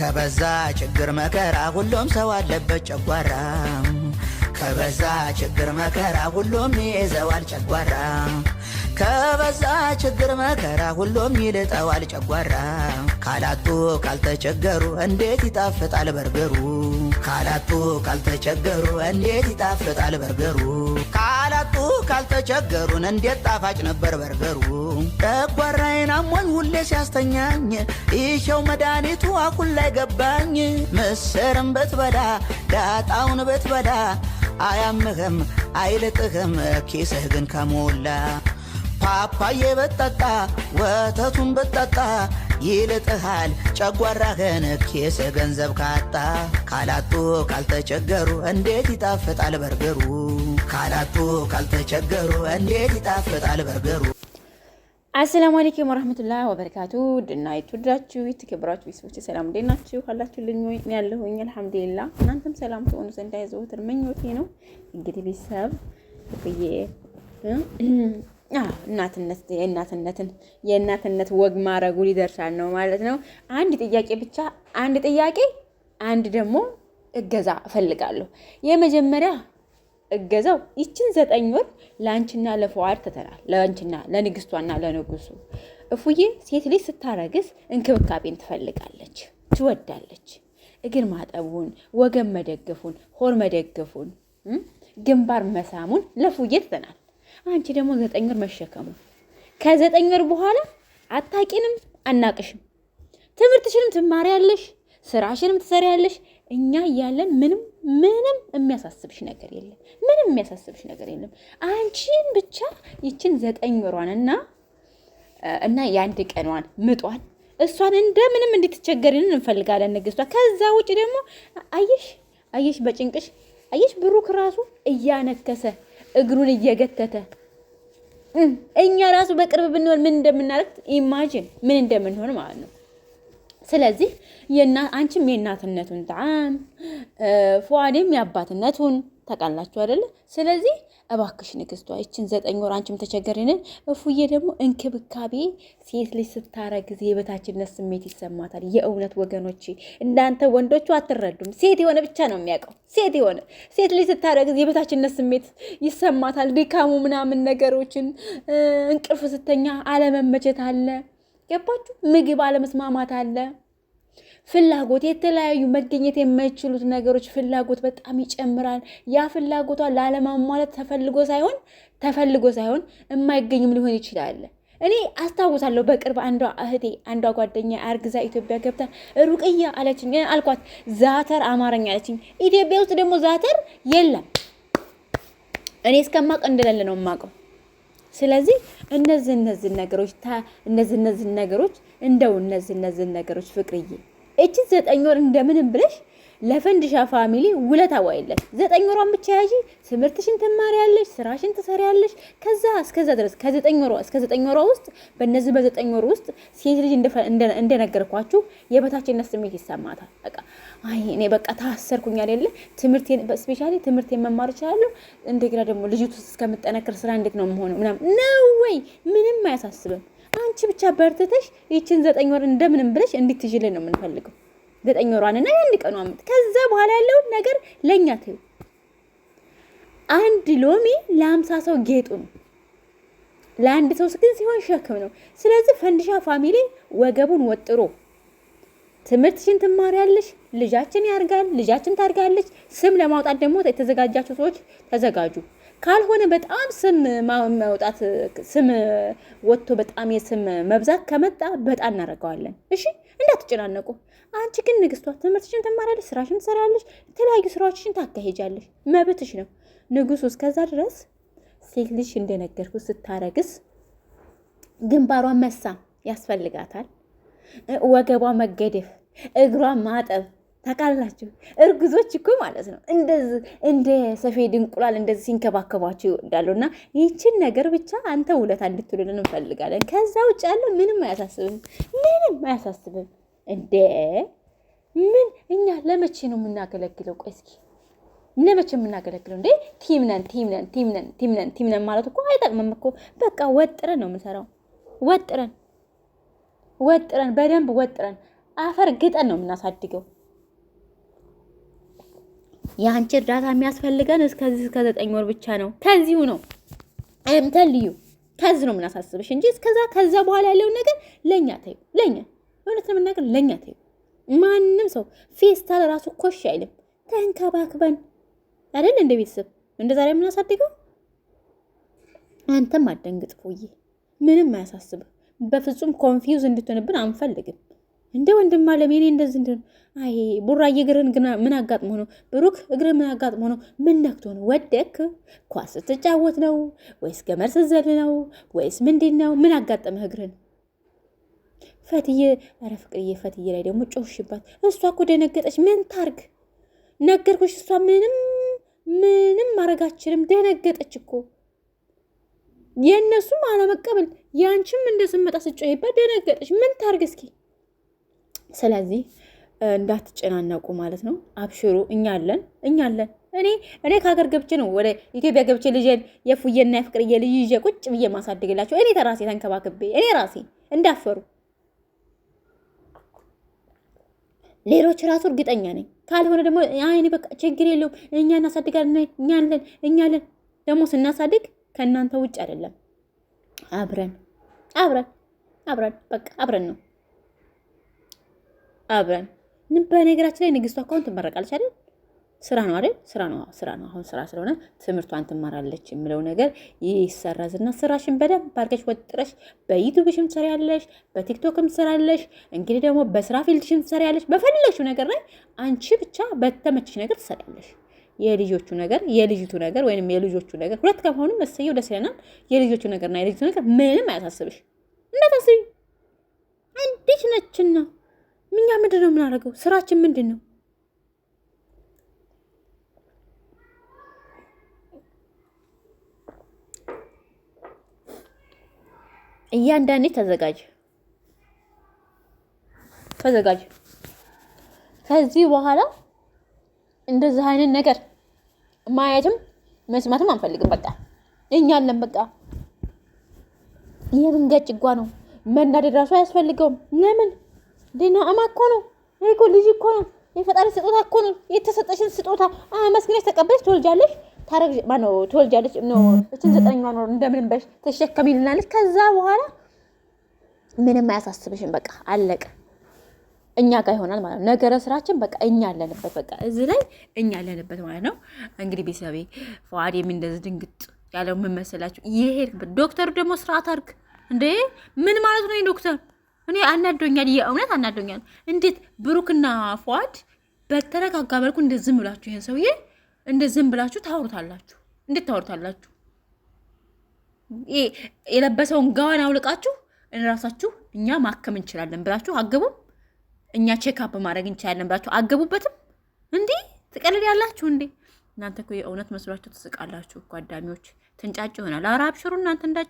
ከበዛ ችግር መከራ ሁሉም ሰው አለበት ጨጓራ ከበዛ ችግር መከራ ሁሉም ይዘዋል ጨጓራ ከበዛ ችግር መከራ ሁሉም ይልጠዋል ጨጓራ ካላቱ ካልተቸገሩ እንዴት ይጣፍጣል በርገሩ ካላቱ ካልተቸገሩ እንዴት ይጣፍጣል በርገሩ ካልተቸገሩን እንዴት ጣፋጭ ነበር በርገሩ። ጨጓራዬን አሞኝ ሁሌ ሲያስተኛኝ ይሸው መድኃኒቱ አኩል ላይ ገባኝ። ምስርም ብትበላ ዳጣውን ብትበላ አያምህም አይልጥህም ኪስህ ግን ከሞላ ፓፓዬ ብትጠጣ ወተቱን ብትጠጣ ይልጥሃል ጨጓራህን ኬስ ገንዘብ ካጣ ካላጡ ካልተቸገሩ እንዴት ይጣፍጣል በርገሩ ካላጡ ካልተቸገሩ እንዴት ይጣፍጣል በርገሩ። አሰላሙ አለይኩም ወራህመቱላሂ ወበረካቱ ድና የተወደዳችሁ የተከበራችሁ ቤተሰቦች ሰላም እንዴት ናችሁ? ካላችሁልኝ እኔ ያለሁኝ አልሐምዱሊላ እናንተም ሰላም ትሆኑ ዘንድ አይዘወትር ምኞቴ ነው። እንግዲህ ቤተሰብ ብዬ እናትነት የእናትነትን የእናትነት ወግ ማረጉ ሊደርሳል ነው ማለት ነው። አንድ ጥያቄ ብቻ አንድ ጥያቄ አንድ ደግሞ እገዛ እፈልጋለሁ። የመጀመሪያ እገዛው ይችን ዘጠኝ ወር ለአንቺና ለፈዋድ ትተናል። ለአንቺና ለንግስቷና ለንጉሱ እፉዬ ሴት ልጅ ስታረግዝ እንክብካቤን ትፈልጋለች፣ ትወዳለች። እግር ማጠቡን፣ ወገን መደገፉን፣ ሆር መደገፉን፣ ግንባር መሳሙን ለፉዬ ትተናል። አንቺ ደግሞ ዘጠኝ ወር መሸከሙ ከዘጠኝ ወር በኋላ አታቂንም አናቅሽም። ትምህርትሽንም ትማሪያለሽ፣ ስራሽንም ትሰሪያለሽ። እኛ እያለን ምንም ምንም የሚያሳስብሽ ነገር የለም። ምንም የሚያሳስብሽ ነገር የለም። አንቺን ብቻ ይችን ዘጠኝ ወሯን እና እና የአንድ ቀኗን ምጧን እሷን እንደምንም እንድትቸገሪልን እንፈልጋለን ንግስቷ። ከዛ ውጭ ደግሞ አየሽ አየሽ በጭንቅሽ አየሽ ብሩክ ራሱ እያነከሰ እግሩን እየገተተ እኛ ራሱ በቅርብ ብንሆን ምን እንደምናደርግ ኢማጂን ምን እንደምንሆን ማለት ነው። ስለዚህ አንቺም የእናትነቱን ጣዕም ፏዴም የአባትነቱን ታውቃላችሁ አይደለ? ስለዚህ እባክሽ ንግስቷ ይችን ዘጠኝ ወር አንቺም ተቸገርንን። እፉዬ ደግሞ እንክብካቤ ሴት ልጅ ስታረግዝ የበታችነት ስሜት ይሰማታል። የእውነት ወገኖቼ እናንተ ወንዶቹ አትረዱም። ሴት የሆነ ብቻ ነው የሚያውቀው። ሴት የሆነ ሴት ልጅ ስታረግዝ የበታችነት ስሜት ይሰማታል። ድካሙ ምናምን ነገሮችን እንቅልፍ ስተኛ አለመመቸት አለ። ገባችሁ? ምግብ አለመስማማት አለ። ፍላጎት የተለያዩ መገኘት የማይችሉት ነገሮች ፍላጎት በጣም ይጨምራል። ያ ፍላጎቷ ላለማሟላት ተፈልጎ ሳይሆን ተፈልጎ ሳይሆን የማይገኝም ሊሆን ይችላል። እኔ አስታውሳለሁ በቅርብ አንዷ እህቴ አንዷ ጓደኛ አርግዛ ኢትዮጵያ ገብታ ሩቅያ አለችኝ አልኳት። ዛተር አማርኛ አለችኝ። ኢትዮጵያ ውስጥ ደግሞ ዛተር የለም። እኔ እስከማቅ እንደሌለ ነው የማውቀው። ስለዚህ እነዚህ እነዚህ ነገሮች እነዚህ እነዚህ ነገሮች እንደው እነዚህ እነዚህ ነገሮች ፍቅርዬ እቺ ዘጠኝ ወር እንደምንም ብለሽ ለፈንድሻ ፋሚሊ ውለታ ዋይለት። ዘጠኝ ወሯን ብቻ ያዢ። ትምህርትሽን ትማሪያለሽ፣ ስራሽን ትሰሪያለሽ። ከዛ እስከዛ ድረስ ከዘጠኝ ወሯ እስከ ዘጠኝ ወሯ ውስጥ በእነዚህ በዘጠኝ ወር ውስጥ ሴት ልጅ እንደነገርኳችሁ የበታችነት ስሜት ይሰማታል። በቃ አይ እኔ በቃ ታሰርኩኝ አይደለ? ትምህርቴን ስፔሻሊ ትምህርቴን መማር እችላለሁ። እንደገና ደግሞ ልጅቱ እስከምጠነክር ስራ እንዴት ነው መሆኑ ምናምን ነው ወይ ምንም አያሳስብም። አንቺ ብቻ በርትተሽ ይችን ዘጠኝ ወር እንደምንም ብለሽ እንድትይዥልን ነው የምንፈልገው። ዘጠኝ ወሯንና የአንድ ቀኑ አመት ከዛ በኋላ ያለውን ነገር ለእኛ ትዩ። አንድ ሎሚ ለአምሳ ሰው ጌጡ ነው፣ ለአንድ ሰው ግን ሲሆን ሸክም ነው። ስለዚህ ፈንድሻ ፋሚሊ ወገቡን ወጥሮ ትምህርትሽን ትማሪያለሽ፣ ልጃችን ያርጋል፣ ልጃችን ታርጋለች። ስም ለማውጣት ደግሞ የተዘጋጃችሁ ሰዎች ተዘጋጁ። ካልሆነ በጣም ስም ማውጣት ስም ወጥቶ በጣም የስም መብዛት ከመጣ በጣም እናደርገዋለን። እሺ እንዳትጨናነቁ። አንቺ ግን ንግስቷ ትምህርትሽን ትማሪያለሽ፣ ስራሽን ትሰሪያለሽ፣ የተለያዩ ስራዎችሽን ታካሄጃለሽ፣ መብትሽ ነው። ንጉሱ እስከዛ ድረስ ሴት ልጅ እንደነገርኩ ስታረግስ ግንባሯን መሳም ያስፈልጋታል፣ ወገቧ መገደፍ፣ እግሯ ማጠብ ታውቃላችሁ እርግዞች እኮ ማለት ነው እንደ ሰፌድ እንቁላል እንደዚህ ሲንከባከቧቸው ይወዳሉ። እና ይህችን ነገር ብቻ አንተ ውለታ እንድትውልን እንፈልጋለን። ከዛ ውጭ ያለው ምንም አያሳስብም፣ ምንም አያሳስብም። እንደ ምን እኛ ለመቼ ነው የምናገለግለው? ቆይ እስኪ ለመቼ የምናገለግለው? እንዴ ቲምነን ቲምነን ቲምነን ቲምነን ቲምነን ማለት እኮ አይጠቅምም እኮ። በቃ ወጥረን ነው የምንሰራው። ወጥረን ወጥረን በደንብ ወጥረን አፈር ግጠን ነው የምናሳድገው። የአንቺ እርዳታ የሚያስፈልገን እስከዚህ እስከ ዘጠኝ ወር ብቻ ነው። ከዚሁ ነው ልዩ ከዚህ ነው የምናሳስብሽ እንጂ እስከዛ ከዛ በኋላ ያለውን ነገር ለእኛ ተዩ። ለእኛ እውነት ለመናገር ለእኛ ተይ። ማንም ሰው ፌስታል ራሱ ኮሽ አይልም። ተንከባክበን አይደል እንደ ቤተሰብ እንደ ዛሬ የምናሳድገው። አንተም አደንግጥ ፉዬ፣ ምንም አያሳስብህ። በፍጹም ኮንፊውዝ እንድትሆንብን አንፈልግም። እንደ ወንድም አለም የኔ እንደዚህ እንደ አይ ቡራዬ፣ እግርህን ምን አጋጥሞ ነው? ብሩክ እግር ምን አጋጥሞ ነው? ምን ነክቶ ነው? ወደክ? ኳስ ስትጫወት ነው ወይስ ገመድ ስትዘል ነው ወይስ ምንድን ነው? ምን አጋጠመህ እግርህን? ፈትዬ፣ ኧረ ፍቅርዬ፣ ፈትዬ ላይ ደግሞ ጮሽባት። እሷ እኮ ደነገጠች። ምን ታርግ? ነገርኩሽ፣ እሷ ምንም ምንም ማድረግ አችልም። ደነገጠች እኮ የእነሱም አለመቀበል፣ ያንቺም እንደስመጣ ስጮይባት ደነገጠች። ምን ታርግ እስኪ ስለዚህ እንዳትጨናነቁ ማለት ነው። አብሽሩ፣ እኛ አለን፣ እኛ አለን። እኔ እኔ ከሀገር ገብቼ ነው ወደ ኢትዮጵያ ገብቼ ልጄን የፉየና የፍቅርዬ ልጅ ይዤ ቁጭ ብዬ ማሳድግላቸው እኔ ተራሴ ተንከባክቤ እኔ ራሴ እንዳፈሩ ሌሎች ራሱ እርግጠኛ ነኝ። ካልሆነ ደግሞ አይኔ በቃ ችግር የለውም እኛ እናሳድጋለን፣ እኛ አለን፣ እኛ አለን። ደግሞ ስናሳድግ ከእናንተ ውጭ አይደለም፣ አብረን አብረን አብረን በቃ አብረን ነው አብረን በነገራችን ላይ ንግስቷ ከሆን ትመረቃለች አይደል? ስራ ነው አይደል? ስራ ነው ስራ ነው። አሁን ስራ ስለሆነ ትምህርቷን ትማራለች የሚለው ነገር ይሰረዝና ስራሽን በደንብ አድርገሽ ወጥረሽ በዩቱብሽም ትሰሪያለሽ፣ በቲክቶክም ትሰሪያለሽ፣ እንግዲህ ደግሞ በስራ ፊልድሽም ትሰሪያለሽ። በፈለግሽው ነገር ላይ አንቺ ብቻ በተመችሽ ነገር ትሰሪያለሽ። የልጆቹ ነገር የልጅቱ ነገር ወይም የልጆቹ ነገር ሁለት ከሆኑ መሰየው ደስ ይለናል። የልጆቹ ነገርና የልጅቱ ነገር ምንም አያሳስብሽ። እንዳታስቢ አንዲት ነችና እኛ ምንድን ነው የምናደርገው? ስራችን ምንድን ነው? እያንዳንዴ ተዘጋጅ ተዘጋጅ። ከዚህ በኋላ እንደዚህ አይነት ነገር ማየትም መስማትም አንፈልግም። በቃ እኛ አለን። በቃ የብንገጭ ጓ ነው መናደድ ራሱ አያስፈልገውም። ለምን ድኖአማ እኮ ነው። ይሄ እኮ ልጅ እኮ ነው። የፈጣሪ ስጦታ እኮ ነው። የተሰጠሽን ስጦታ አመስግነሽ ተቀበልሽ፣ ትወልጃለሽ፣ ታረግ ማነው ትወልጃለሽ። እችን ዘጠነኛ ኖር እንደምንም በሽ ተሸከሚልናለች። ከዛ በኋላ ምንም አያሳስብሽም። በቃ አለቀ። እኛ ጋር ይሆናል ማለት ነው። ነገረ ስራችን በቃ እኛ ያለንበት በቃ እዚህ ላይ እኛ ያለንበት ማለት ነው። እንግዲህ ቤተሰቤ ፈዋድ እንደዚህ ድንግጥ ያለው የምመስላችሁ ይሄ ዶክተሩ ደግሞ ስርዓት አድርግ እንዴ! ምን ማለት ነው? ይህ ዶክተር እኔ አናዶኛል፣ የእውነት አናዶኛል። እንዴት ብሩክና ፏድ በተረጋጋ መልኩ እንደ ዝም ብላችሁ ይህን ሰውዬ እንደ ዝም ብላችሁ ታወሩታላችሁ? እንዴት ታወሩታላችሁ? የለበሰውን ጋዋን አውልቃችሁ እንራሳችሁ እኛ ማከም እንችላለን ብላችሁ አገቡም፣ እኛ ቼክአፕ ማድረግ እንችላለን ብላችሁ አገቡበትም። እንዲህ ትቀልድ ያላችሁ እንዴ! እናንተ እኮ የእውነት መስሏችሁ ትስቃላችሁ እኮ አዳሚዎች። ትንጫጭ ይሆናል። ኧረ አብሽሩ እናንተ እንዳ